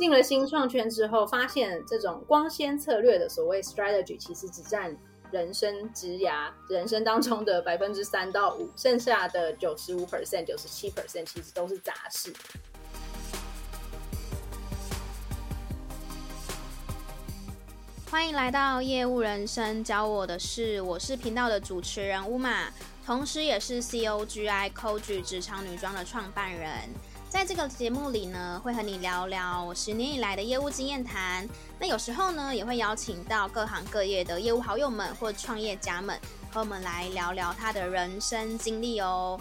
進了新創圈之後，發現這種光鮮策略的所謂 strategy，其實只佔人生職涯、人生當中的百分之三到五，剩下的九十五 percent、九十七 percent，其實都是雜事。歡迎來到業務人生教我的事，我是頻道的主持人烏瑪，同時也是 COGI c o d e g e 職場女裝的創辦人。在這個節目裡呢，會和你聊聊我十年以來的業務經驗談。那有時候呢，也會邀請到各行各業的業務好友們或創業家們，和我們來聊聊他的人生經歷哦。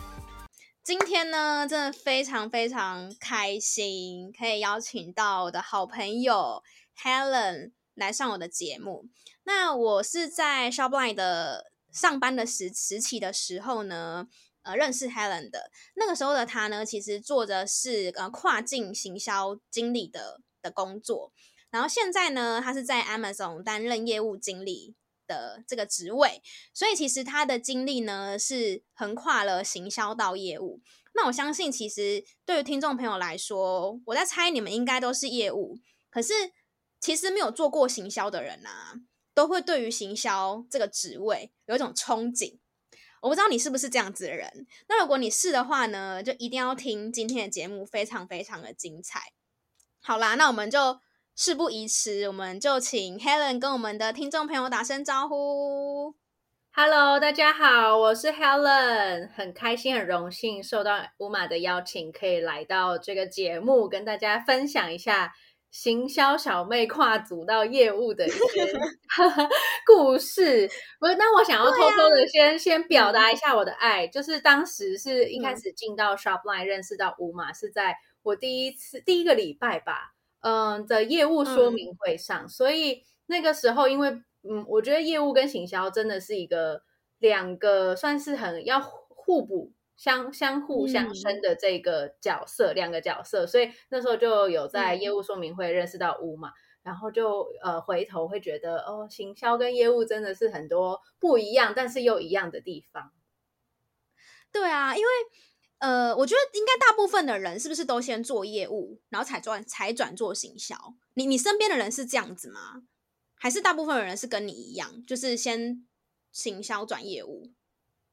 今天呢，真的非常非常開心，可以邀請到我的好朋友 Helen 來上我的節目。那我是在 Shopify 的上班的時時期的時候呢。呃，認識 Helen 的那個時候的他呢，其實做的是呃跨境行銷經理的的工作。然後現在呢，他是在 Amazon 擔任業務經理的這個職位。所以其實他的經歷呢，是橫跨了行銷到業務。那我相信，其實對於聽眾朋友來說，我在猜你們應該都是業務，可是其實沒有做過行銷的人啊，都會對於行銷這個職位有一種憧憬。我不知道你是不是這樣子的人，那如果你是的話呢，就一定要聽今天的節目，非常非常的精彩。好啦，那我們就事不宜遲，我們就請 Helen 跟我們的聽眾朋友打聲招呼。Hello，大家好，我是 Helen，很開心、很榮幸受到 Uma 的邀請，可以來到這個節目，跟大家分享一下。行銷小妹跨組到業務的一些故事，不是？那我想要偷偷的先、oh yeah. 先表達一下我的愛，就是當時是一開始進到 Shopline、mm. 認識到 Uma 是在我第一次第一個禮拜吧，嗯的業務說明會上，mm. 所以那個時候因為嗯，我覺得業務跟行銷真的是一個兩個算是很要互補。相相互相生的這個角色、嗯，兩個角色，所以那時候就有在業務說明會認識到 Uma、嗯，然後就呃回頭會覺得哦，行銷跟業務真的是很多不一樣，但是又一樣的地方。對啊，因為呃，我覺得應該大部分的人是不是都先做業務，然後才轉才轉做行銷？你你身邊的人是這樣子嗎？還是大部分的人是跟你一樣，就是先行銷轉業務，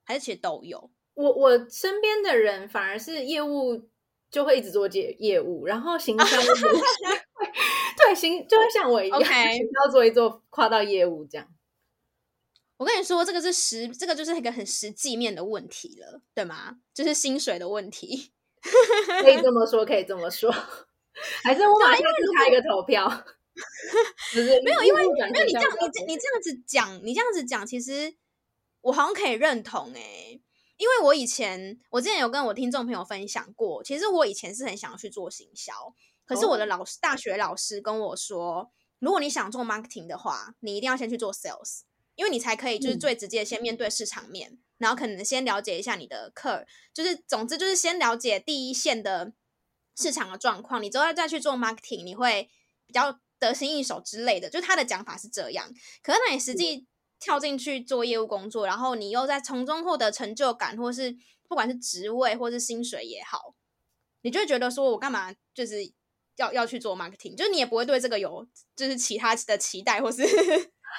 還是其實都有？我我身邊的人反而是業務就會一直做業業務，然後行銷就會，會 對行就會像我一樣，Okay. 行銷做一做跨到業務這樣。我跟你說，這個是實，這個就是一個很實際面的問題了，對嗎？就是薪水的問題。 可以這麼說，可以這麼說，還是我馬上開一個投票？是不是 沒有因為步步沒有你這樣，你你這樣子講，你這樣子講， 其實我好像可以認同哎、欸。因為我以前，我之前有跟我聽眾朋友分享過，其實我以前是很想要去做行銷，可是我的老師大學老師跟我說，如果你想做 marketing 的話，你一定要先去做 sales，因為你才可以就是最直接先面對市場面，嗯、然後可能先了解一下你的客，就是總之就是先了解第一線的市場的狀況，你之後再去做 marketing，你會比較得心應手之類的，就他的講法是這樣，可能你實際。嗯跳進去做業務工作，然後你又在從中獲得成就感，或是不管是職位或是薪水也好，你就會覺得說，我干嘛就是要要去做 marketing？就是你也不會對這個有就是其他的期待，或是。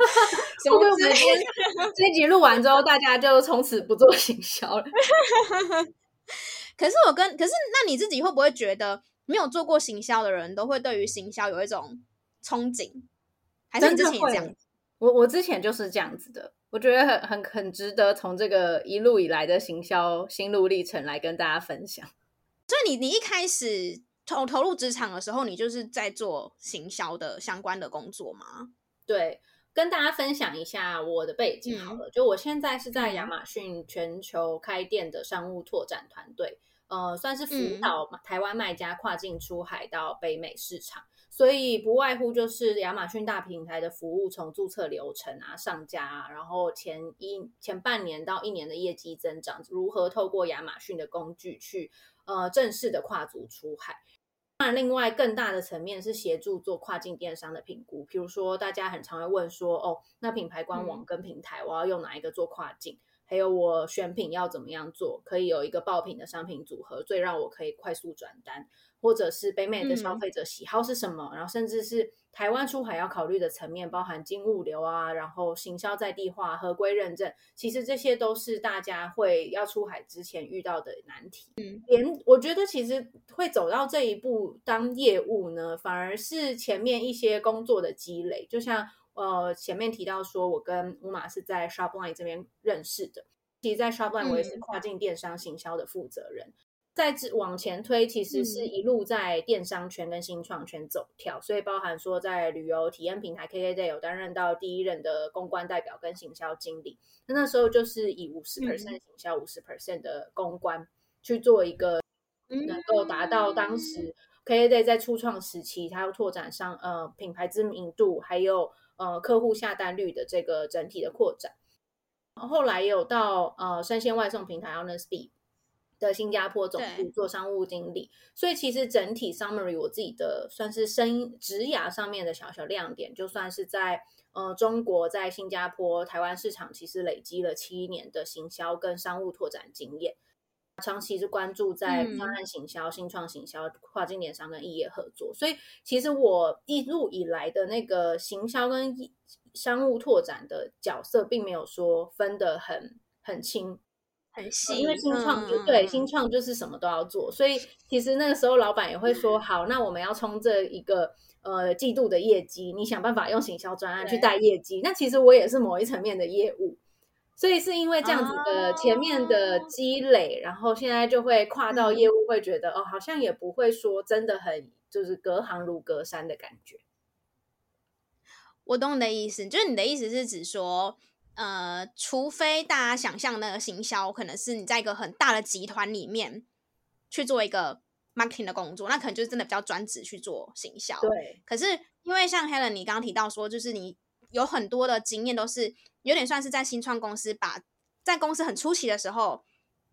我，我們就直接這集錄完之後，大家就從此不做行銷了。 可是我跟可是那你自己會不會覺得，沒有做過行銷的人都會對於行銷有一種憧憬，還是你之前也這樣？我我之前就是這樣子的，我覺得很很很值得從這個一路以來的行銷心路歷程來跟大家分享。所以你你一開始投投入職場的時候，你就是在做行銷的相關的工作嗎？對，跟大家分享一下我的背景好了。嗯、就我現在是在亞馬遜全球開店的商務拓展團隊。呃，算是輔導台灣賣家跨境出海到北美市場，嗯、所以不外乎就是亞馬遜大平台的服務，從註冊流程啊、上架啊，然後前一前半年到一年的業績增長，如何透過亞馬遜的工具去呃正式的跨足出海。那另外更大的層面是協助做跨境電商的評估，比如說大家很常會問說，哦，那品牌官網跟平台我要用哪一個做跨境？嗯還有我選品要怎麼樣做，可以有一個爆品的商品組合，最讓我可以快速轉單，或者是北美的消費者喜好是什麼？嗯、然後甚至是台灣出海要考慮的層面，包含經物流啊，然後行銷在地化、合規認證，其實這些都是大家會要出海之前遇到的難題。嗯，連我覺得其實會走到這一步，當業務呢，反而是前面一些工作的積累，就像。呃，前面提到說，我跟 Uma 是在 Shopline 這邊認識的。其實在 Shopline，我也是跨境電商行銷的負責人。再、嗯、往前推，其實是一路在電商圈跟新創圈走跳，嗯，所以包含說在旅遊體驗平台 KKday 有擔任到第一任的公關代表跟行銷經理。那那時候就是以五十 percent 行銷50，五十 percent 的公關、嗯、去做一個能夠達到當時 KKday 在初創時期，他要拓展商呃品牌知名度還有。呃，客戶下單率的這個整體的擴展，後來也有到呃生鮮外送平台 honestbee 的新加坡總部做商務經理，所以其實整體 summary 我自己的算是生職涯上面的小小亮點，就算是在呃中國，在新加坡、台灣市場，其實累積了七年的行銷跟商務拓展經驗。長期是關注在方案行銷、嗯啊、新創行銷、跨境電商跟異業合作，所以其實我一路以來的那個行銷跟商務拓展的角色，並沒有說分得很很清、很細、啊，因為新創就對新創就是什麼都要做，所以其實那個時候老闆也會說、嗯，好，那我們要衝這一個呃季度的業績，你想辦法用行銷專案去帶業績，那其實我也是某一層面的業務。所以是因為這樣子的前面的積累，oh. 然後現在就會跨到業務，會覺得、mm. 哦，好像也不會說真的很就是隔行如隔山的感覺。我懂你的意思，就是你的意思是指說，呃，除非大家想象那個行銷可能是你在一個很大的集團裡面去做一個 marketing 的工作，那可能就是真的比較專職去做行銷。對。可是因為像 Helen 你剛剛提到說，就是你。有很多的經驗都是有點算是在新創公司，把在公司很初期的時候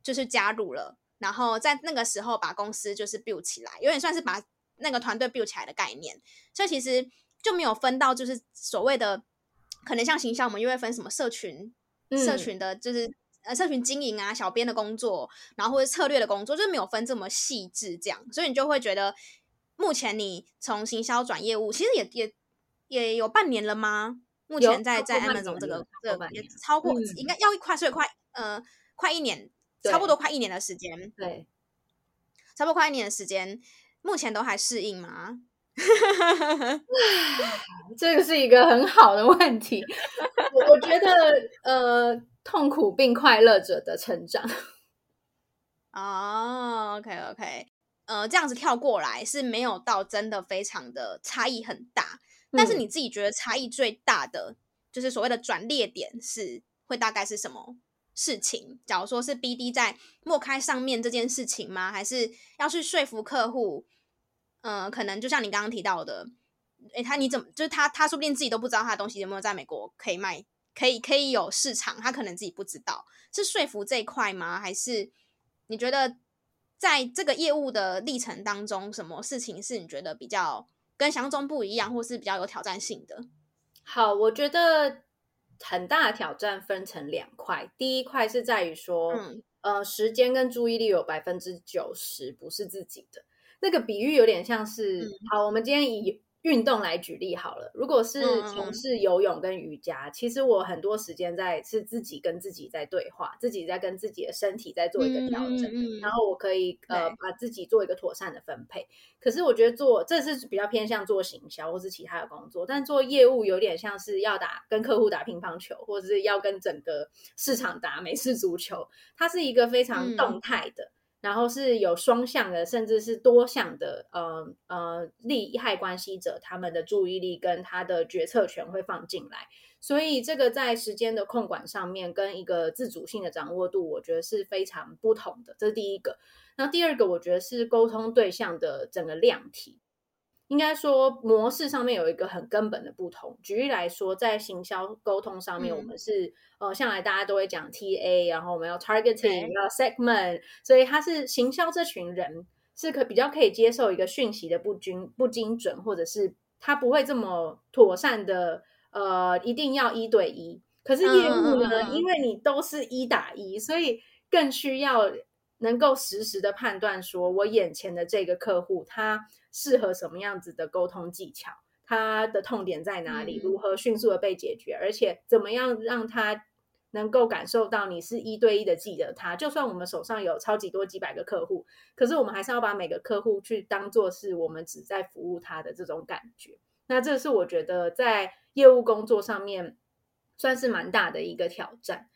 就是加入了，然後在那個時候把公司就是 build 起來，有點算是把那個團隊 build 起來的概念。所以其實就沒有分到就是所謂的可能像行銷，我們又會分什麼社群，社群的就是呃社群經營啊，小編的工作，然後或者策略的工作，就沒有分這麼細緻這樣。所以你就會覺得，目前你從行銷轉業務，其實也也也有半年了嗎？目前在在 Amazon 這個這個也超過，嗯，應該要快，所以快呃快一年，差不多快一年的時間，對，差不多快一年的時間。目前都還適應嗎？ 嗯，這個是一個很好的問題，我 我覺得 呃痛苦並快樂著的成長。哦，oh,，OK OK，呃這樣子跳過來是沒有到真的非常的差異很大。但是你自己覺得差異最大的，嗯、就是所謂的轉捩點是會大概是什麼事情？假如說是 BD 在莫開上面這件事情嗎？還是要去說服客戶？嗯、呃，可能就像你剛剛提到的，誒，他你怎麼就是他他說不定自己都不知道他的東西有沒有在美國可以賣，可以可以有市場，他可能自己不知道是說服這一塊嗎？還是你覺得在這個業務的歷程當中，什麼事情是你覺得比較？跟想象中不一樣，或是比較有挑戰性的。好，我覺得很大的挑戰分成兩塊，第一塊是在於說，嗯，呃，時間跟注意力有百分之九十不是自己的。那個比喻有點像是，嗯，好，我們今天以。運動來舉例好了，如果是從事游泳跟瑜伽，嗯、其實我很多時間在是自己跟自己在對話，自己在跟自己的身體在做一個調整，嗯、然後我可以呃把自己做一個妥善的分配。可是我覺得做這是比較偏向做行銷或是其他的工作，但做業務有點像是要打跟客戶打乒乓球，或者是要跟整個市場打美式足球，它是一個非常動態的。嗯然後是有雙向的，甚至是多向的，呃呃，利害關係者他們的注意力跟他的決策權會放進來，所以這個在時間的控管上面跟一個自主性的掌握度，我覺得是非常不同的。這是第一個，那第二個我覺得是溝通對象的整個量體。應該說模式上面有一個很根本的不同。舉例來說，在行銷溝通上面，我們是、嗯、呃，向來大家都會講 TA，然後我們要 targeting，、嗯、要 segment，所以他是行銷這群人是可比較可以接受一個訊息的不精不精準，或者是他不會這麼妥善的呃，一定要一對一。可是業務呢，嗯嗯嗯嗯因為你都是一打一，所以更需要。能夠實時的判斷，說我眼前的這個客戶他適合什麼樣子的溝通技巧，他的痛點在哪裡，如何迅速的被解決，而且怎麼樣讓他能夠感受到你是一對一的記得他。就算我們手上有超級多幾百個客戶，可是我們還是要把每個客戶去當做是我們只在服務他的這種感覺。那這是我覺得在業務工作上面算是蠻大的一個挑戰。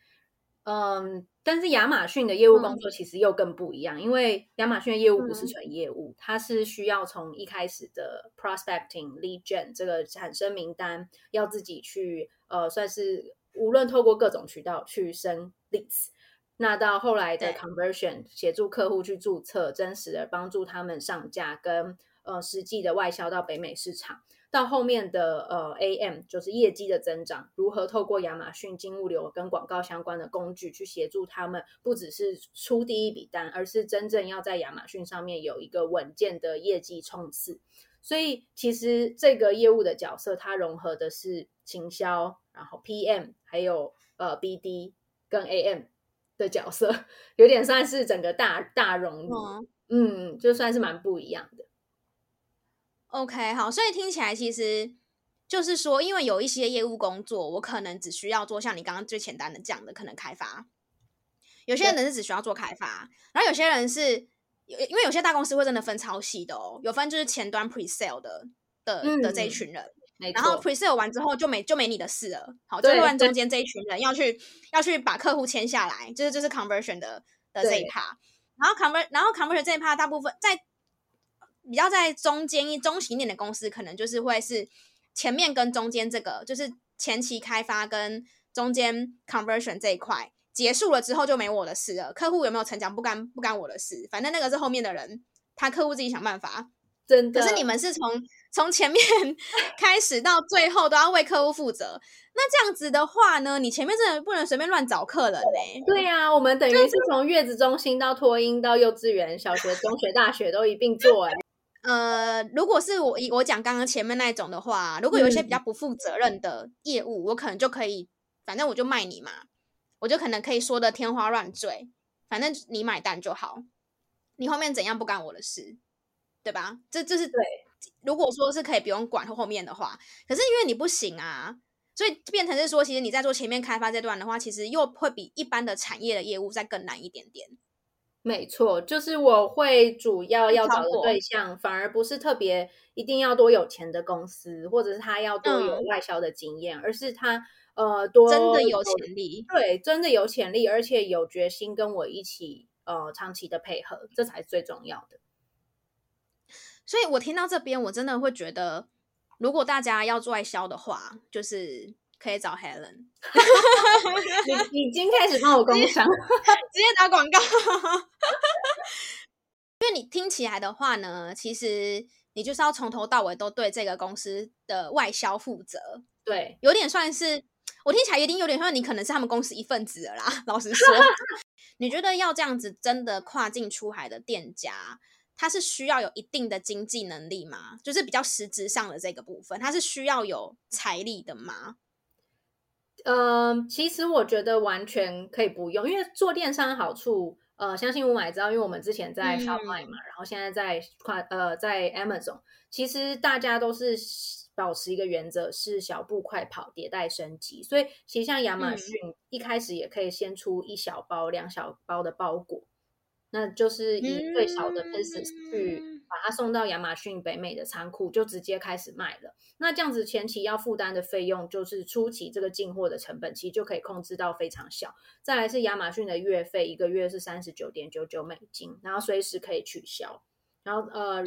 嗯，但是亞馬遜的業務工作其實又更不一樣，嗯、因為亞馬遜的業務不是純業務、嗯，它是需要從一開始的 prospecting lead gen 這個產生名單，要自己去呃，算是無論透過各種渠道去生 leads，那到後來的 conversion，協助客戶去註冊，真實的幫助他們上架，跟呃實際的外銷到北美市場。到後面的呃，AM 就是業績的增長，如何透過亞馬遜金物流跟廣告相關的工具去協助他們，不只是出第一筆單，而是真正要在亞馬遜上面有一個穩健的業績衝刺。所以其實這個業務的角色，它融合的是行銷，然後 PM 還有呃 BD 跟 AM 的角色，有點算是整個大大融合、哦，嗯，就算是蠻不一樣的。OK，好，所以聽起來其實就是說，因為有一些業務工作，我可能只需要做像你剛剛最簡單的這樣的可能開發。有些人是只需要做開發，然後有些人是有因為有些大公司會真的分超細的哦，有分就是前端 pre-sale 的的、嗯、的這一群人，然後 pre-sale 完之後就沒就沒你的事了。好，就亂中間這一群人要去要去把客戶簽下來，就是就是 conversion 的的這一趴。然後 conversion 然後 conversion 這一趴大部分在。比較在中間一中型一點的公司，可能就是會是前面跟中間這個，就是前期開發跟中間 conversion 這一塊結束了之後就沒我的事了。客戶有沒有成長不干不干我的事，反正那個是後面的人，他客戶自己想辦法。真的？可是你們是從從前面開始到最後都要為客戶負責。 那這樣子的話呢，你前面真的不能隨便亂找客人嘞。對呀、欸啊，我們等於是從月子中心到托嬰到幼稚園、小學、中學、大學都一併做哎、欸。呃，如果是我以我講剛剛前面那種的話，如果有一些比較不負責任的業務，嗯、我可能就可以，反正我就賣你嘛，我就可能可以說的天花亂墜，反正你買單就好，你後面怎樣不干我的事，對吧？這這是對。如果說是可以不用管後面的話，可是因為你不行啊，所以變成是說，其實你在做前面開發這段的話，其實又會比一般的產業的業務再更難一點點。沒錯，就是我會主要要找的對象，反而不是特別一定要多有錢的公司，或者是他要多有外銷的經驗，嗯、而是他呃多真的有潛力，對，真的有潛力，而且有決心跟我一起呃長期的配合，這才是最重要的。所以我聽到這邊，我真的會覺得，如果大家要做外銷的話，就是。可以找 Helen， 你已經開始幫我工商，直接打廣告。 廣告 因為你聽起來的話呢，其實你就是要從頭到尾都對這個公司的外銷負責。對，有點算是，我聽起來一定有點，因你可能是他們公司一份子了啦。老實說， 你覺得要這樣子真的跨境出海的店家，他是需要有一定的經濟能力嗎？就是比較實質上的這個部分，他是需要有財力的嗎？嗯、呃，其實我覺得完全可以不用，因為做電商好處，呃，相信 Uma 知道，因為我們之前在 Shopify 嘛、嗯，然後現在在快呃，在 Amazon，其實大家都是保持一個原則，是小步快跑、迭代升級。所以其實像亞馬遜一開始也可以先出一小包、兩小包的包裹，那就是以最少的 pieces 去。把它送到亞馬遜北美的倉庫，就直接開始賣了。那這樣子前期要負擔的費用，就是初期這個進貨的成本，其實就可以控制到非常小。再來是亞馬遜的月費，一個月是三十九點九九美金，然後隨時可以取消。然後呃，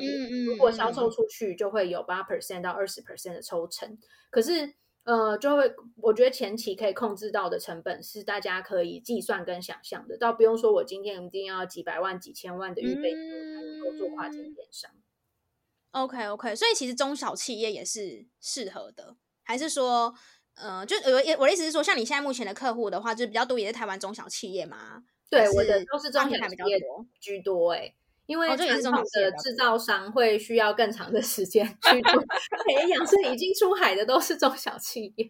如果銷售出去，就會有八 percent 到二十 percent 的抽成。可是呃，就會我覺得前期可以控制到的成本是大家可以計算跟想象的，倒不用說，我今天一定要幾百萬、幾千萬的預備、嗯、才能夠做跨境電商。OK OK，所以其實中小企業也是適合的，還是說，呃，就呃，我的意思是說，像你現在目前的客戶的話，就比較多也是台灣中小企業嘛？對，我的都是中小企業、啊、比較多，居多哎。因為傳統的製造商會需要更長的時間去培養， 所以已經出海的都是中小企業。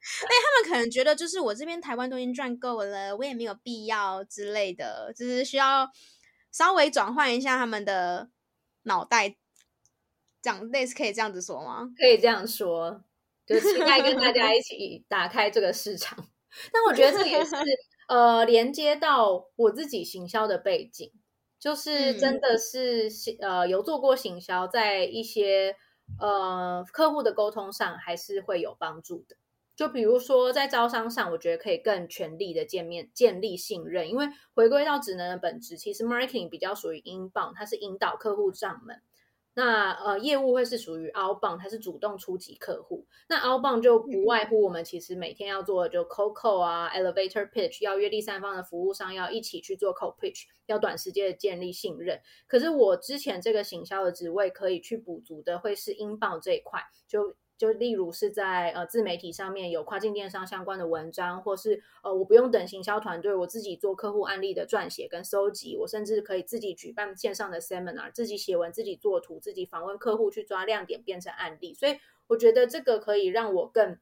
哎、他們可能覺得，就是我這邊台灣都已經賺夠了，我也沒有必要之類的，就是需要稍微轉換一下他們的腦袋，這樣類似可以這樣子說嗎？可以這樣說，就是應該跟大家一起打開這個市場。 但我覺得這也是呃，連接到我自己行銷的背景。就是真的是、嗯、呃有做過行銷，在一些呃客戶的溝通上還是會有幫助的。就比如說在招商上，我覺得可以更全力的見面建立信任，因為回歸到職能的本質，其實 marketing 比較屬於 inbound，它是引導客戶上門。那呃，業務會是屬於 outbound，它是主動出擊客戶。那 outbound 就不外乎我們其實每天要做的、啊，就 cold call 啊，elevator pitch，邀約第三方的服務商，要一起去做 cold pitch，要短時間的建立信任。可是我之前這個行銷的職位可以去補足的，會是 inbound 這一塊就。就例如是在呃自媒體上面有跨境電商相關的文章，或是呃我不用等行銷團隊，我自己做客戶案例的撰寫跟收集，我甚至可以自己舉辦線上的 seminar，自己寫文、自己做圖、自己訪問客戶去抓亮點變成案例，所以我覺得這個可以讓我更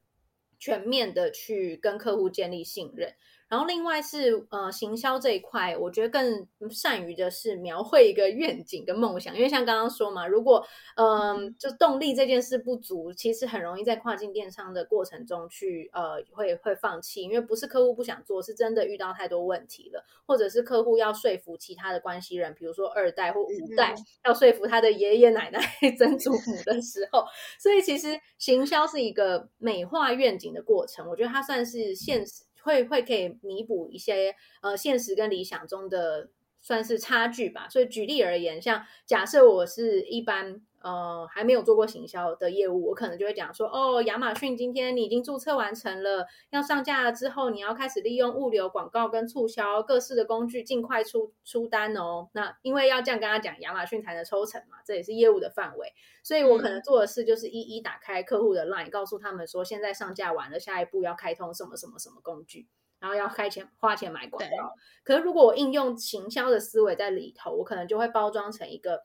全面的去跟客戶建立信任。然後另外是呃行銷這一塊，我覺得更善於的是描繪一個願景跟夢想，因為像剛剛說嘛，如果嗯、呃、就動力這件事不足，其實很容易在跨境電商的過程中去呃會會放棄，因為不是客戶不想做，是真的遇到太多問題了，或者是客戶要說服其他的關係人，比如說二代或五代、mm-hmm. 要說服他的爺爺奶奶、 曾祖母的時候，所以其實行銷是一個美化願景的過程，我覺得它算是現實。mm-hmm. 會會可以彌補一些呃現實跟理想中的算是差距吧。所以舉例而言，像假設我是一般，呃，還沒有做過行銷的業務，我可能就會講說，哦，亞馬遜今天你已經註冊完成了，要上架了之後，你要開始利用物流、廣告跟促銷各式的工具，盡快出出單哦。那因為要這樣跟他講，亞馬遜才能抽成嘛，這也是業務的範圍。所以我可能做的事就是一一打開客戶的 LINE，嗯，告訴他們說，現在上架完了，下一步要開通什麼什麼什麼工具，然後要開錢，花錢買廣告。可是如果我應用行銷的思維在裡頭，我可能就會包裝成一個。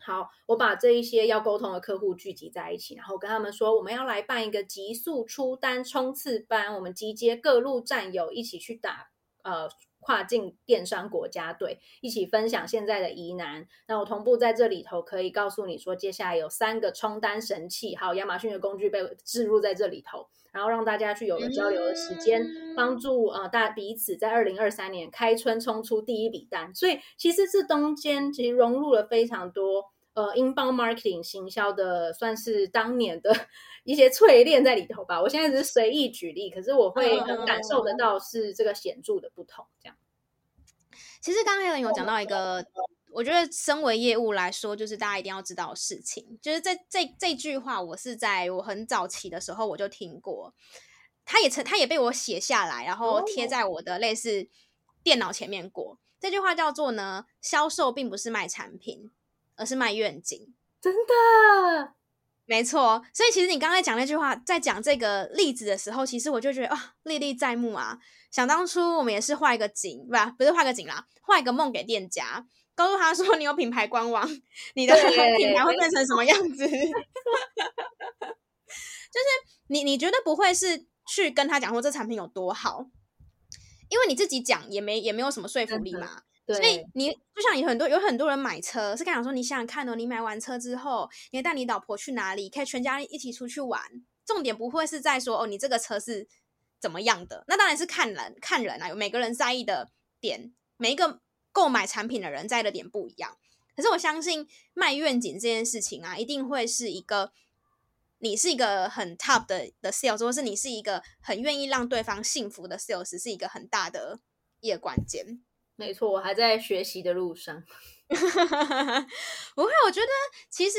好，我把這一些要溝通的客戶聚集在一起，然後跟他們說，我們要來辦一個極速出單衝刺班，我們集結各路戰友一起去打，呃，跨境電商國家隊，一起分享現在的疑難。那我同步在這裡頭可以告訴你說，接下來有三個衝單神器，還有亞馬遜的工具被置入在這裡頭。然後讓大家去有了交流的時間，嗯、幫助、呃、大家彼此在二零二三年開春衝出第一筆單，所以其實這中間其實融入了非常多呃 Inbound Marketing 行銷的算是當年的一些淬鍊在裡頭吧。我現在只是隨意舉例，可是我會很感受得到是這個顯著的不同。這樣，其實剛才海倫有講到一個。我覺得，身為業務來說，就是大家一定要知道事情。就是這這這句話，我是在我很早期的時候我就聽過，它也曾，它也被我寫下來，然後貼在我的類似電腦前面過。這句話叫做呢：銷售並不是賣產品，而是賣願景。真的，沒錯。所以其實你剛才講那句話，在講這個例子的時候，其實我就覺得啊、哦，歷歷在目啊！想當初我們也是畫一個景，不、啊，不是畫個景啦，畫一個夢給店家。告訴他說：“你有品牌官網，你的品牌會變成什麼樣子？” 就是你，你覺得不會是去跟他講說這產品有多好，因為你自己講也沒也沒有什麼說服力嘛。所以你就像有很多有很多人買車是剛講說：“你想想看哦，你買完車之後，你帶你老婆去哪裡？可以全家一起出去玩。”重點不會是在說哦，你這個車是怎麼樣的？那當然是看人看人啊，有每個人在意的點，每一個購買產品的人在的點不一樣，可是我相信賣願景這件事情啊，一定會是一個你是一個很 top 的的 sales，或是你是一個很願意讓對方幸福的 sales，是一個很大的一個關鍵。沒錯，我還在學習的路上。 不會，我覺得其實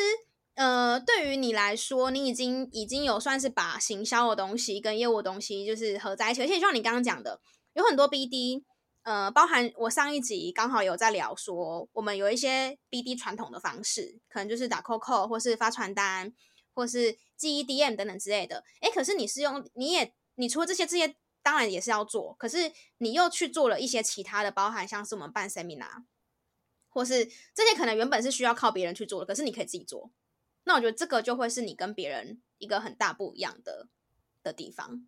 呃，對於你來說，你已經已經有算是把行銷的東西跟業務的東西就是合在一起，而且就像你剛剛講的，有很多 BD。呃，包含我上一集剛好有在聊說，我們有一些 BD 傳統的方式，可能就是打 cold call，或是發傳單，或是寄 EDM 等等之類的。哎，可是你是用，你也，你除了這些這些，當然也是要做，可是你又去做了一些其他的，包含像是我們辦 Seminar，或是這些可能原本是需要靠別人去做的，可是你可以自己做。那我覺得這個就會是你跟別人一個很大不一樣的的地方。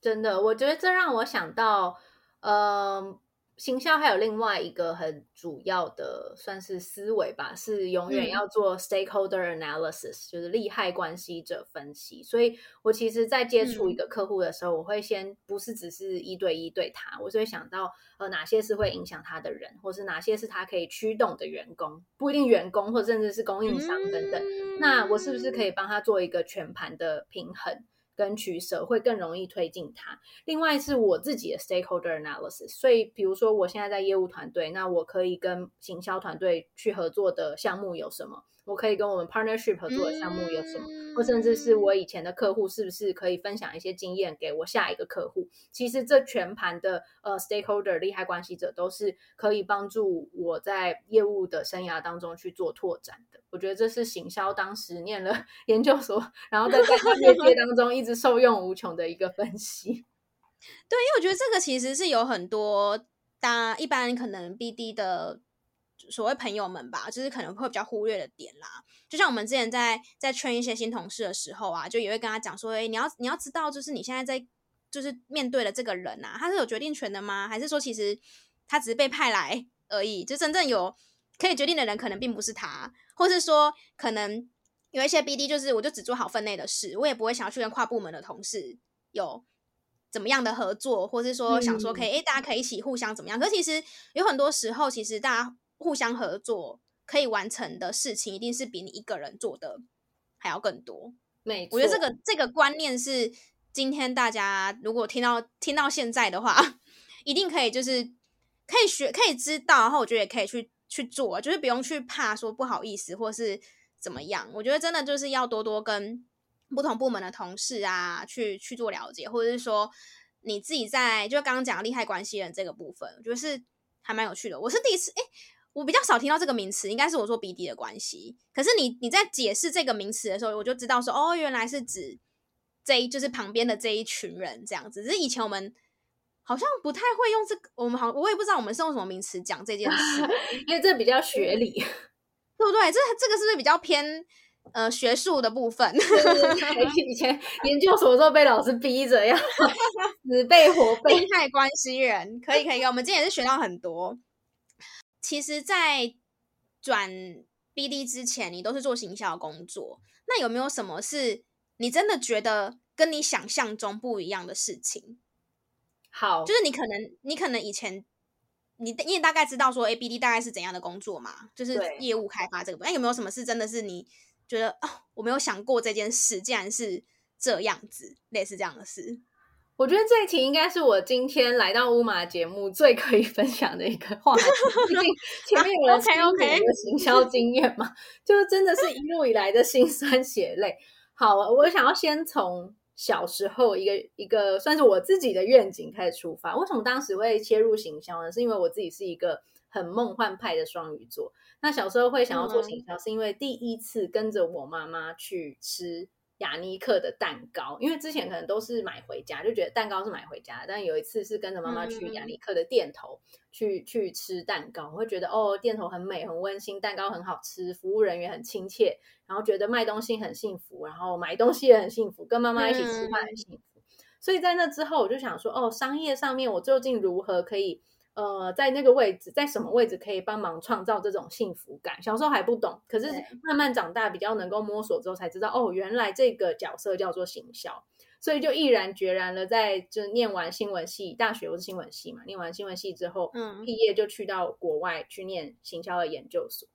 真的，我覺得這讓我想到。嗯、um，行銷還有另外一個很主要的，算是思維吧,是永遠要做 stakeholder analysis，嗯、就是利害關係者分析。所以我其實，在接觸一個客戶的時候、嗯，我會先不是只是一對一對他，我就會想到，呃，哪些是會影響他的人，或是哪些是他可以驅動的員工，不一定員工，或甚至是供應商等等。嗯、那我是不是可以幫他做一個全盤的平衡？跟取捨，會更容易推進它。另外是我自己的 stakeholder analysis，所以比如說我現在在業務團隊，那我可以跟行銷團隊去合作的項目有什麼？我可以跟我們 partnership 合作的項目有什麼，或甚至是我以前的客戶是不是可以分享一些經驗給我下一個客戶？其實這全盤的呃、uh, stakeholder 利害關係者都是可以幫助我在業務的生涯當中去做拓展的。我覺得這是行銷當時念了研究所，然後在各個行業當中一直受用無窮的一個分析。 對，因為我覺得這個其實是有很多大家一般可能 BD 的。所謂朋友們吧，就是可能會比較忽略的點啦。就像我們之前在在 train 一些新同事的時候啊，就也會跟他講說：誒、欸、你要你要知道，就是你現在在就是面對的這個人啊，他是有決定權的嗎？還是說其實他只是被派來而已？就真正有可以決定的人，可能並不是他，或是說可能有一些 BD，就是我就只做好分內的事，我也不會想要去跟跨部門的同事有怎麼樣的合作，或是說想說可以、嗯欸、大家可以一起互相怎麼樣？可是其實有很多時候，其實大家。互相合作可以完成的事情，一定是比你一個人做的還要更多。沒錯。我覺得這個這個觀念是今天大家如果聽到聽到現在的話，一定可以就是可以學可以知道，然後我覺得也可以去去做，就是不用去怕說不好意思或是怎麼樣。我覺得真的就是要多多跟不同部門的同事啊去去做了解，或者是說你自己在就剛剛講利害關係人這個部分，我覺得是還蠻有趣的。我是第一次哎。欸我比較少聽到這個名詞，應該是我做 B D 的關係。可是你你在解釋這個名詞的時候，我就知道說哦，原來是指這一就是旁邊的這一群人這樣子。只是以前我們好像不太會用這個，我們好，我也不知道我們是用什麼名詞講這件事，因為這比較學理，對不對？這這個是不是比較偏呃學術的部分是是？以前研究所的時候被老師逼着要死背活背。 利害關係人，可以可以，可以，我們今天也是學到很多。其實，在轉 BD 之前，你都是做行銷工作。那有沒有什麼是你真的覺得跟你想象中不一樣的事情？好，就是你可能，你可能以前，你你也大概知道說，欸、BD 大概是怎樣的工作嘛？就是業務開發這個。那、哎、有沒有什麼是真的是你覺得哦，我沒有想過這件事，竟然是這樣子，類似這樣的事？我覺得這一題應該是我今天來到烏馬節目最可以分享的一個話題。畢竟前面有人分享很多行銷經驗嘛， 就是真的是一路以來的辛酸血淚。好，我想要先從小時候一個一個算是我自己的願景開始出發。為什麼當時會切入行銷呢？是因為我自己是一個很夢幻派的雙魚座。那小時候會想要做行銷，是因為第一次跟着我媽媽去吃。雅尼克的蛋糕，因為之前可能都是買回家，就覺得蛋糕是買回家。但有一次是跟着媽媽去雅尼克的店頭、嗯、去去吃蛋糕，我會覺得哦，店頭很美很溫馨，蛋糕很好吃，服務人員很親切，然後覺得賣東西很幸福，然後買東西也很幸福，跟媽媽一起吃飯很幸福。嗯、所以在那之後，我就想說哦，商業上面我究竟如何可以？呃，在那個位置，在什麼位置可以幫忙創造這種幸福感？小時候還不懂，可是慢慢長大，比較能夠摸索之後才知道，哦，原來這個角色叫做行銷。所以就毅然決然的在就念完新聞系，大學我是新聞系嘛，念完新聞系之後，嗯，畢業就去到國外去念行銷的研究所。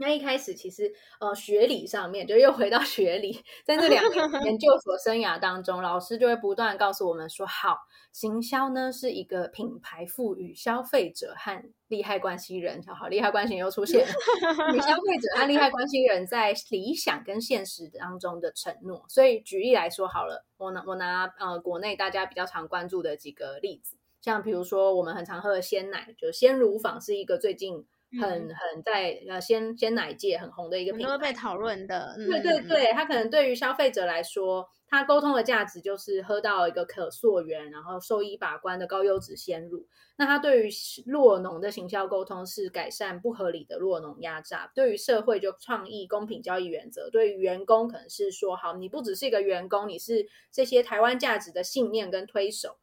那一開始其實，呃，學理上面就又回到學理，在這兩個研究所生涯當中， 老師就會不斷告訴我們說，好，行銷呢是一個品牌賦予消費者和利害關係人，好，好，利害關係又出現，與 消費者和利害關係人在理想跟現實當中的承諾。所以舉例來說好了，我拿我拿呃，國內大家比較常關注的幾個例子，像比如說我們很常喝的鮮奶，就鮮乳坊是一個最近很很在呃，鮮鮮奶界很紅的一個品牌，很多被討論的，對對對嗯嗯嗯，他可能對於消費者來說，他溝通的價值就是喝到一個可溯源、然後獸醫把關的高優質鮮乳。那他對於酪農的行銷溝通是改善不合理的酪農壓榨，對於社會就創意公平交易原則，對於員工可能是說好，你不只是一個員工，你是這些台灣價值的信念跟推手。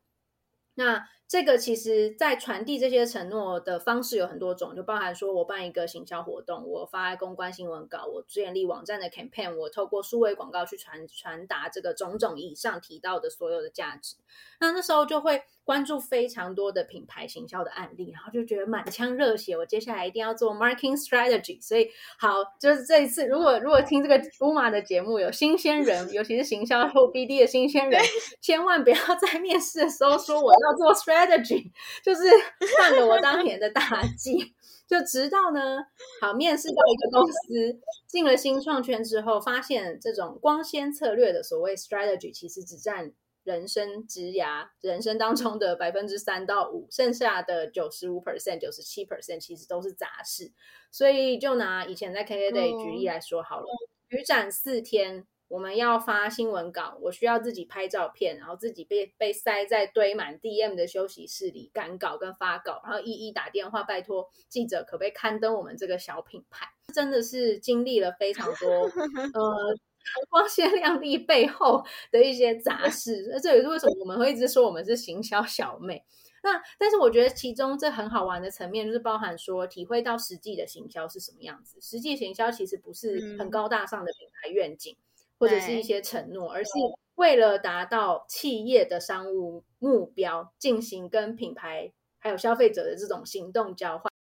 那這個其實，在傳遞這些承諾的方式有很多種，就包含說我辦一個行銷活動，我發公關新聞稿，我建立網站的 campaign，我透過數位廣告，去傳傳達這個種種以上提到的所有的價值，那那時候就會。關注非常多的品牌行銷的案例，然後就覺得滿腔熱血，我接下來一定要做 marketing strategy。所以好，就是這一次，如果如果聽這個 Uma 的節目有新鮮人，尤其是行銷後 BD 的新鮮人，千萬不要在面試的時候說我要做 strategy，就是犯了我當年的大忌。就直到呢，好面試到一個公司，進了新創圈之後，發現這種光鮮策略的所謂 strategy，其實只佔。人生職涯，人生當中的百分之三到五，剩下的九十五 percent、九十七 percent 其實都是雜事。所以就拿以前在 K K Day 舉例來說好了，旅、oh. 展四天，我們要發新聞稿，我需要自己拍照片，然後自己被被塞在堆滿 D M 的休息室裡趕稿跟發稿，然後一一打電話拜託記者可不可以刊登我們這個小品牌，真的是經歷了非常多， 呃。光鮮亮麗背後的一些雜事，這也是為什麼我們會一直說我們是行銷小妹。那但是我覺得其中這很好玩的層面，就是包含說體會到實際的行銷是什麼樣子。實際行銷其實不是很高大上的品牌願景，嗯，或者是一些承諾，而是為了達到企業的商務目標，進行跟品牌還有消費者的這種行動交換。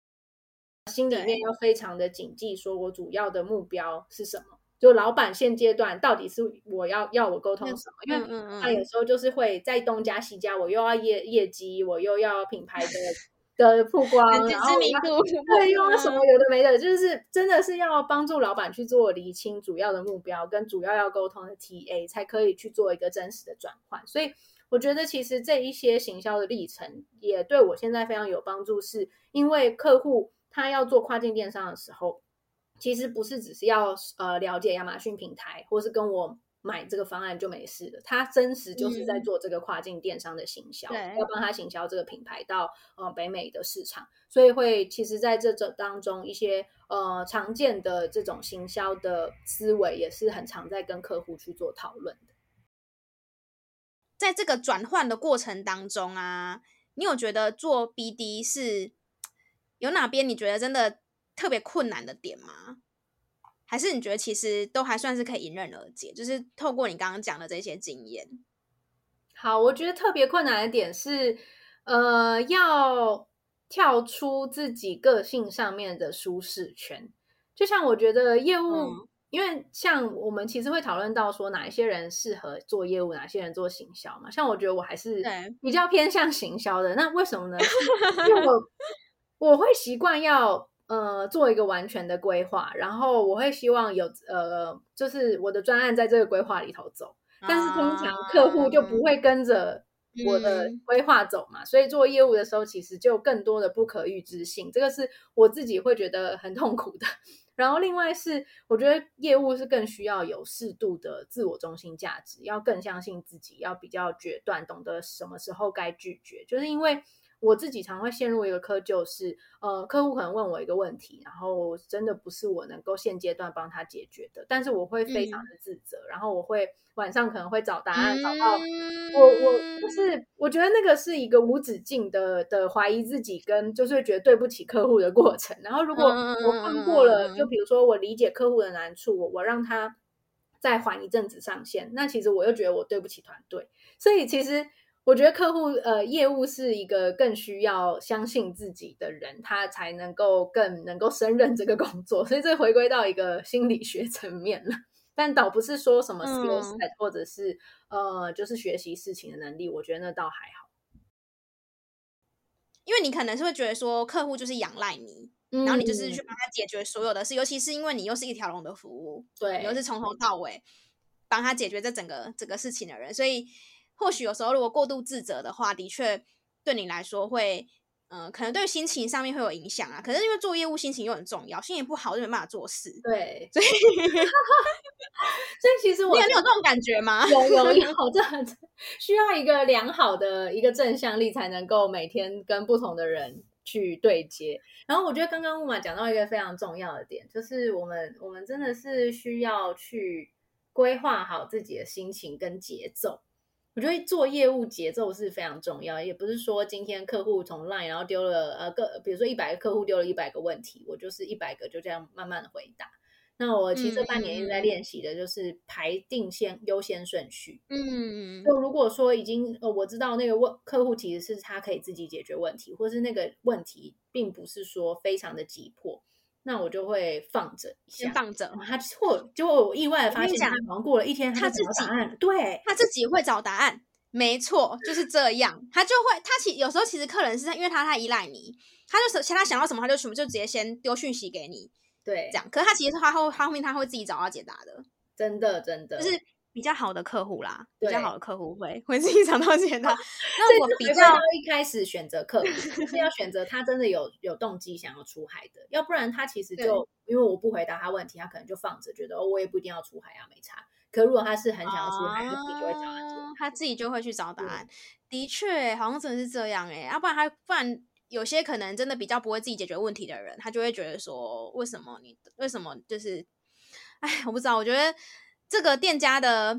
心裡面要非常的謹記，說我主要的目標是什麼。就老闆現階段到底是我要要我溝通什麼，什麼？因為他有時候就是會在東加西加、嗯嗯，我又要業業績，我又要品牌的 的曝光，然後對， 又要什麼有的沒的，就是真的是要幫助老闆去做理清主要的目標跟主要要溝通的 TA，才可以去做一個真實的轉換。所以我覺得其實這一些行銷的歷程也對我現在非常有幫助，是因為客戶他要做跨境電商的時候。其實不是只是要呃了解亞馬遜平台，或是跟我買這個方案就沒事的。他真實就是在做這個跨境電商的行銷，嗯、對，要幫他行銷這個品牌到呃北美的市場，所以會其實在這種當中，一些呃常見的這種行銷的思維也是很常在跟客戶去做討論的。在這個轉換的過程當中啊，你有覺得做 BD 是有哪邊你覺得真的？特別困難的點嗎？還是你覺得其實都還算是可以迎刃而解？就是透過你剛剛講的這些經驗，好，我覺得特別困難的點是，呃，要跳出自己個性上面的舒適圈。就像我覺得業務，嗯、因為像我們其實會討論到說哪一些人適合做業務，哪一些人做行銷嘛。像我覺得我還是比較偏向行銷的，那為什麼呢？因為我 我會習慣要。呃，做一個完全的規劃，然後我會希望有呃，就是我的專案在這個規劃裡頭走，啊，但是通常客戶就不會跟着我的規劃走嘛，嗯，所以做業務的時候其實就更多的不可預知性，這個是我自己會覺得很痛苦的。然後另外是，我覺得業務是更需要有適度的自我中心價值，要更相信自己，要比較決斷，懂得什麼時候該拒絕，就是因為。我自己常會陷入一個窠臼，就是，是呃，客戶可能問我一個問題，然後真的不是我能夠現階段幫他解決的，但是我會非常的自責，嗯、然後我會晚上可能會找答案，找到我我就是我覺得那個是一個無止境的的懷疑自己跟就是覺得對不起客戶的過程。然後如果我看過了，嗯、就比如說我理解客戶的難處，我我讓他再緩一陣子上線，那其實我又覺得我對不起團隊，所以其實。我覺得客戶呃，業務是一個更需要相信自己的人，他才能夠更能夠勝任這個工作。所以這回歸到一個心理學層面了。但倒不是說什麼 skill set，或者是、嗯、呃，就是學習事情的能力，我覺得那倒還好。因為你可能是會覺得說，客戶就是仰賴你，嗯，然後你就是去幫他解決所有的事，尤其是因為你又是一條龍的服務，對，你又是從頭到尾幫他解決這整個整個事情的人，所以。或許有時候，如果過度自責的話，的確對你來說會，呃，可能對心情上面會有影響啊。可是因為做業務，心情又很重要，心情不好就沒辦法做事。對，所以 所以其實我你有，你有這種感覺嗎？有有有，這很需要一個良好的一個正向力，才能夠每天跟不同的人去對接。然後我覺得剛剛 Uma 講到一個非常重要的點，就是我們我們真的是需要去規劃好自己的心情跟節奏。我覺得做業務節奏是非常重要，也不是說今天客戶從 Line 然後丟了呃，個比如說一百個客戶丟了一百個問題，我就是一百個就這樣慢慢的回答。那我其實這半年一直在練習的就是排定先、Mm-hmm. 優先順序，嗯嗯，就如果說已經、哦、我知道那個問客戶其實是他可以自己解決問題，或是那個問題並不是說非常的急迫。那我就會放着先放着。哦、他或就，就意外發現，他好像過了一天，他，他自己對，他自己會找答案，沒錯，就是這樣。嗯、他就會，他其有時候其實客人是因為他太依賴你，他就其他想到什麼他就什麼就直接先丟訊息給你，對，這樣。可是他其實是他後他後面他會自己找到解答的，真的真的就是。比較好的客戶啦，比較好的客戶會會是一到錢、啊、那我比較一開始選擇客戶 是要選擇他真的有有動機想要出海的， 要不然他其實就因為我不回答他問題，他可能就放着，覺得哦，我也不一定要出海啊，沒差。可如果他是很想要出海，他、啊、就會找他，他自己就會去找答案。嗯、的確，好像真的是這樣誒、欸，要、啊、不然他不然有些可能真的比較不會自己解決問題的人，他就會覺得說，為什麼你為什麼就是哎，我不知道，我覺得。這個店家的，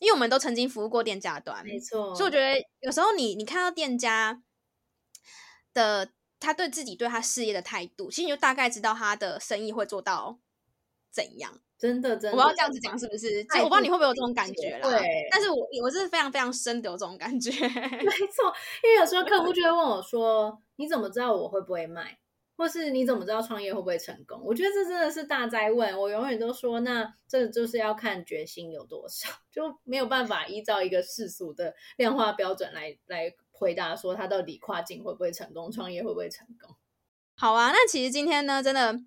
因為我們都曾經服務過店家端，沒錯。所以我覺得有時候你你看到店家的他對自己對他事業的態度，其實你就大概知道他的生意會做到怎樣。真的，真的。我要這樣子講是不是？我不知道你會不會有這種感覺啦。對，但是我我是非常非常深的有這種感覺。沒錯，因為有時候客戶就會問我說：“ 你怎麼知道我會不會賣？”或是你怎麼知道創業會不會成功？我覺得這真的是大哉問。我永遠都說，那這就是要看決心有多少，就沒有辦法依照一個世俗的量化標準來來回答說他到底跨境會不會成功，創業會不會成功？好啊，那其實今天呢，真的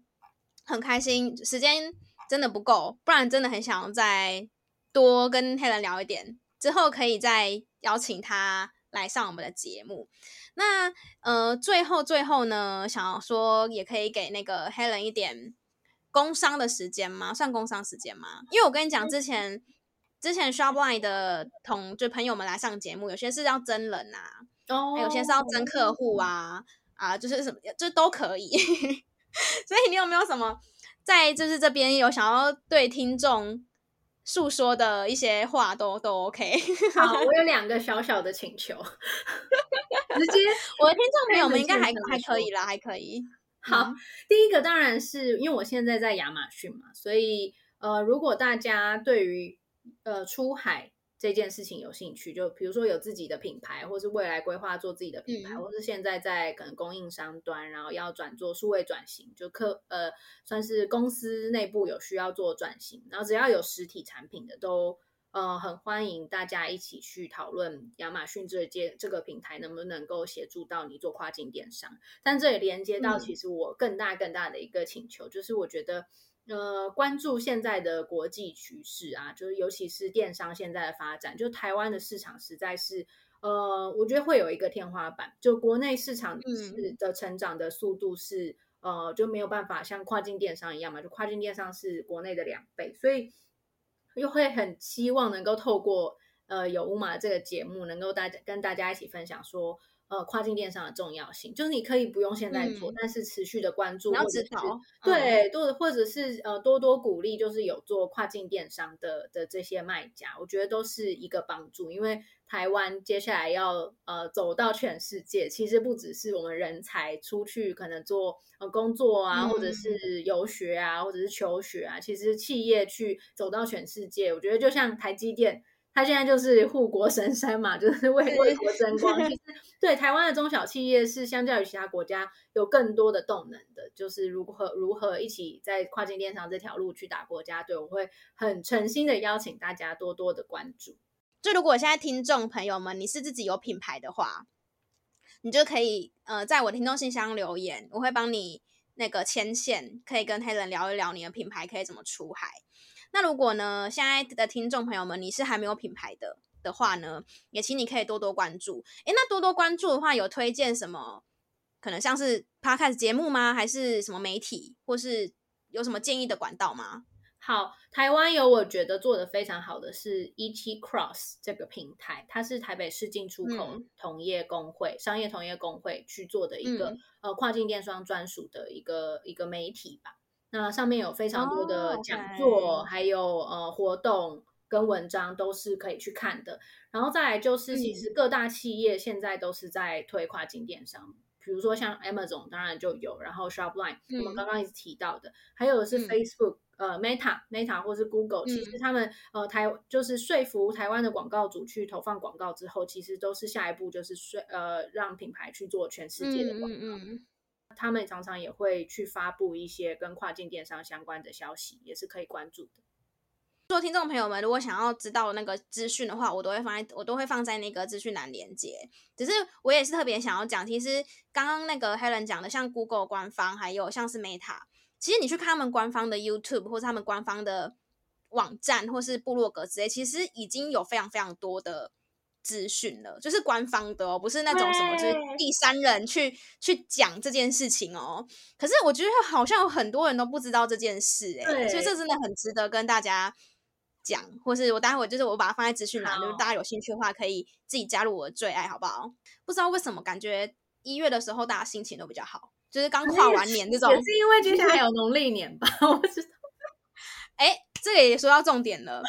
很開心，時間真的不夠，不然真的很想要再多跟 Helen 聊一點，之後可以再邀請她。來上我們的節目，那呃，最後最後呢，想要說也可以給那個 Helen 一點工商的時間嗎？算工商時間嗎？因為我跟你講，之前之前 shopline 的同就朋友們來上節目，有些是要徵人啊，哦、oh.，有些是要徵客戶啊，啊，就是什麼，就都可以。 所以你有沒有什麼在就是這邊有想要對聽眾？訴說的一些話都都 OK。 好，我有兩個小小的請求， 直接我的聽眾朋友們應該還還可以啦，還可以。好，嗯、第一個當然是因為我現在在亞馬遜嘛，所以呃，如果大家對於呃出海。這件事情有興趣，就比如說有自己的品牌，或是未來規劃做自己的品牌，嗯，或是現在在可能供應商端，然後要轉做數位轉型，就客呃算是公司內部有需要做轉型，然後只要有實體產品的都，呃很歡迎大家一起去討論亞馬遜這間這個平台能不能夠協助到你做跨境電商，但這也連接到其實我更大更大的一個請求，嗯，就是我覺得。呃，關注現在的國際趨勢啊，就是尤其是電商現在的發展，就台灣的市場實在是，呃，我覺得會有一個天花板。就國內市場是的成長的速度是，嗯、呃，就沒有辦法像跨境電商一樣嘛，就跨境電商是國內的兩倍，所以又會很希望能夠透過呃有 Uma 這個節目，能夠大家跟大家一起分享說。呃，跨境電商的重要性，就是你可以不用現在做，嗯、但是持續的關注，嗯、對，多或者是呃多多鼓勵，就是有做跨境電商的的這些賣家，我覺得都是一個幫助，因為台灣接下來要呃走到全世界，其實不只是我們人才出去可能做呃工作啊、嗯，或者是遊學啊，或者是求學啊，其實企業去走到全世界，我覺得就像台積電。他現在就是護國神山嘛，就是為為國爭光。 其實對台灣的中小企業是相較於其他國家有更多的動能的，就是如何如何一起在跨境電商這條路去打國家隊。我會很誠心的邀請大家多多的關注。就如果現在聽眾朋友們你是自己有品牌的話，你就可以呃在我的聽眾信箱留言，我會幫你那個牽線，可以跟 Helen 聊一聊你的品牌可以怎麼出海。那如果呢，現在的聽眾朋友們，你是還沒有品牌的的話呢，也請你可以多多關注。誒，那多多關注的話，有推薦什麼？可能像是 Podcast 節目嗎？還是什麼媒體，或是有什麼建議的管道嗎？好，台灣有我覺得做的非常好的是17 Cross 這個平台，它是台北市進出口同業公會、嗯、商業同業公會去做的一個、嗯、呃跨境電商專屬的一個一個媒體吧。那上面有非常多的講座，oh, okay. 還有呃活動跟文章都是可以去看的。然後再來就是，其實各大企業現在都是在推跨境電商，比如說像 Amazon 當然就有，然後 Shopline 我們剛剛一直提到的，嗯、還有是 Facebook、嗯、呃 Meta Meta 或是 Google、嗯、其實他們呃台就是說服台灣的廣告主去投放廣告之後，其實都是下一步就是說呃讓品牌去做全世界的廣告。嗯嗯嗯嗯他們常常也會去發布一些跟跨境電商相關的消息，也是可以關注的。所以聽眾朋友們，如果想要知道那個資訊的話，我都會放在我都會放在那個資訊欄連接。只是我也是特別想要講，其實剛剛那個 Helen 講的，像 Google 官方，還有像是 Meta，其實你去看他們官方的 YouTube，或者他們官方的網站，或是部落格之類，其實已經有非常非常多的。資訊了，就是官方的哦，不是那種什麼，就是第三人去去講這件事情哦。可是我覺得好像有很多人都不知道這件事哎、欸，所以這真的很值得跟大家講，或是我待會兒就是我把它放在資訊欄，就是大家有興趣的話可以自己加入我的最愛，好不好？不知道為什麼，感覺一月的時候大家心情都比較好，就是剛跨完年這種，可是，是、是因為接下來有農曆年吧？我不知道哎、欸，這個也說到重點了，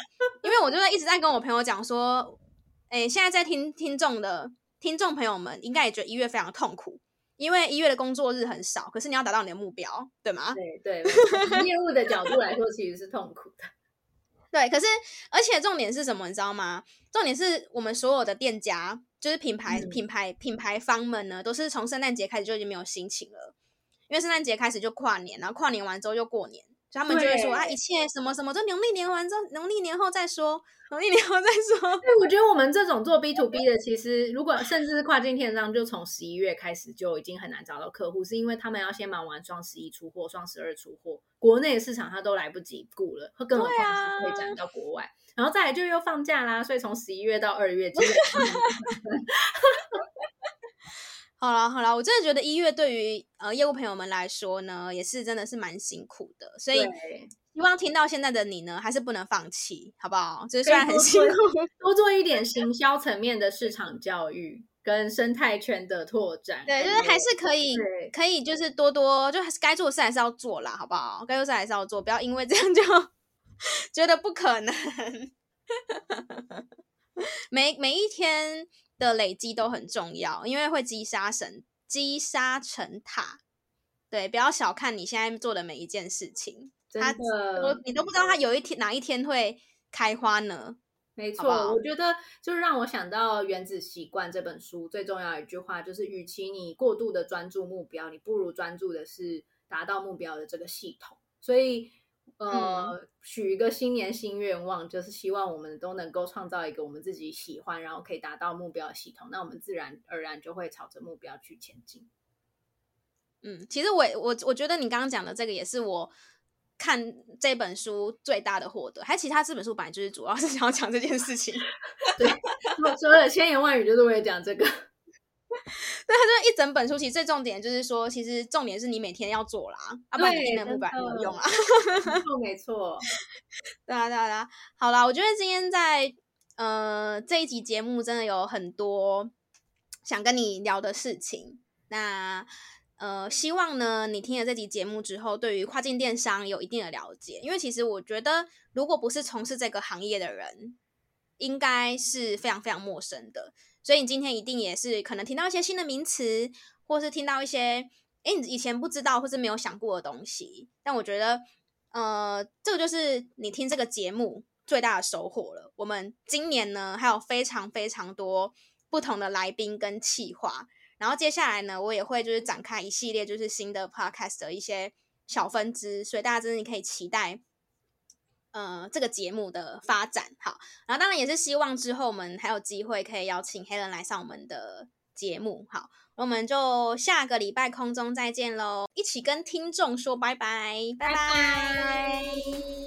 因為我就一直在跟我朋友講說。誒，現在在聽聽眾的聽眾朋友們，應該也覺得一月非常痛苦，因為一月的工作日很少，可是你要達到你的目標，對嗎？對對，對，從業務的角度來說其實是痛苦的。 對，可是而且重點是什麼？你知道嗎？重點是我們所有的店家，就是品牌、嗯、品牌、品牌方們呢，都是從聖誕節開始就已經沒有心情了，因為聖誕節開始就跨年，然後跨年完之後又過年。他們就會說啊，一切什麼什麼，這農曆年完之後，農曆年後再說，農曆年後再說。對，我覺得我們這種做 B to B 的，其實如果甚至是跨境電商，就從十一月開始就已經很難找到客戶，是因為他們要先忙完雙十一出貨，雙十二出貨，國內市場他都來不及顧了，他更何況可會講到國外，啊，然後再來就又放假啦，所以從十一月到二月就。好啦好啦，我真的覺得一月對於呃業務朋友們來說呢，也是真的是蠻辛苦的，所以希望聽到現在的你呢，還是不能放棄，好不好？就是雖然很辛苦，多做一點行銷層面的市場教育 跟生態圈的拓展，對，就是還是可以，可以就是多多就該做的事還是要做啦，好不好？該做事還是要做，不要因為這樣就覺得不可能， 每每一天。的累積都很重要，因為會積沙成積沙成塔。對，不要小看你現在做的每一件事情，它，你都不知道它有一天哪一天會開花呢。沒錯，好好，我覺得就是讓我想到《原子習慣》這本書最重要的一句話，就是，與其你過度的專注目標，你不如專注的是達到目標的這個系統。所以。嗯、呃，許一個新年新願望，就是希望我們都能夠創造一個我們自己喜歡，然後可以達到目標的系統。那我們自然而然就會朝着目標去前進。嗯，其實我我我覺得你剛剛講的這個也是我看這本書最大的獲得，還有其他這本書本來就是主要是想要講這件事情， 對，我說了千言萬語就是為了講這個。對，他就一整本書，其實最重點就是說，其實重點是你每天要做啦，啊，不然你沒沒的目標沒有用啊。沒錯沒錯，沒錯 對啊對啊，對啊，好啦，我覺得今天在呃這一集節目真的有很多想跟你聊的事情。那呃，希望呢你聽了這集節目之後，對於跨境電商有一定的了解，因為其實我覺得如果不是從事這個行業的人，應該是非常非常陌生的。所以你今天一定也是可能聽到一些新的名詞，或是聽到一些，哎，你以前不知道或是沒有想過的東西。但我覺得，呃，這個就是你聽這個節目最大的收穫了。我們今年呢還有非常非常多不同的來賓跟企劃，然後接下來呢我也會就是展開一系列就是新的 podcast 的一些小分支，所以大家真的可以期待。呃，這個節目的發展好，然後當然也是希望之後我們還有機會可以邀請 Helen 來上我們的節目好，我們就下個禮拜空中再見嘍，一起跟聽眾說拜拜，拜拜。拜拜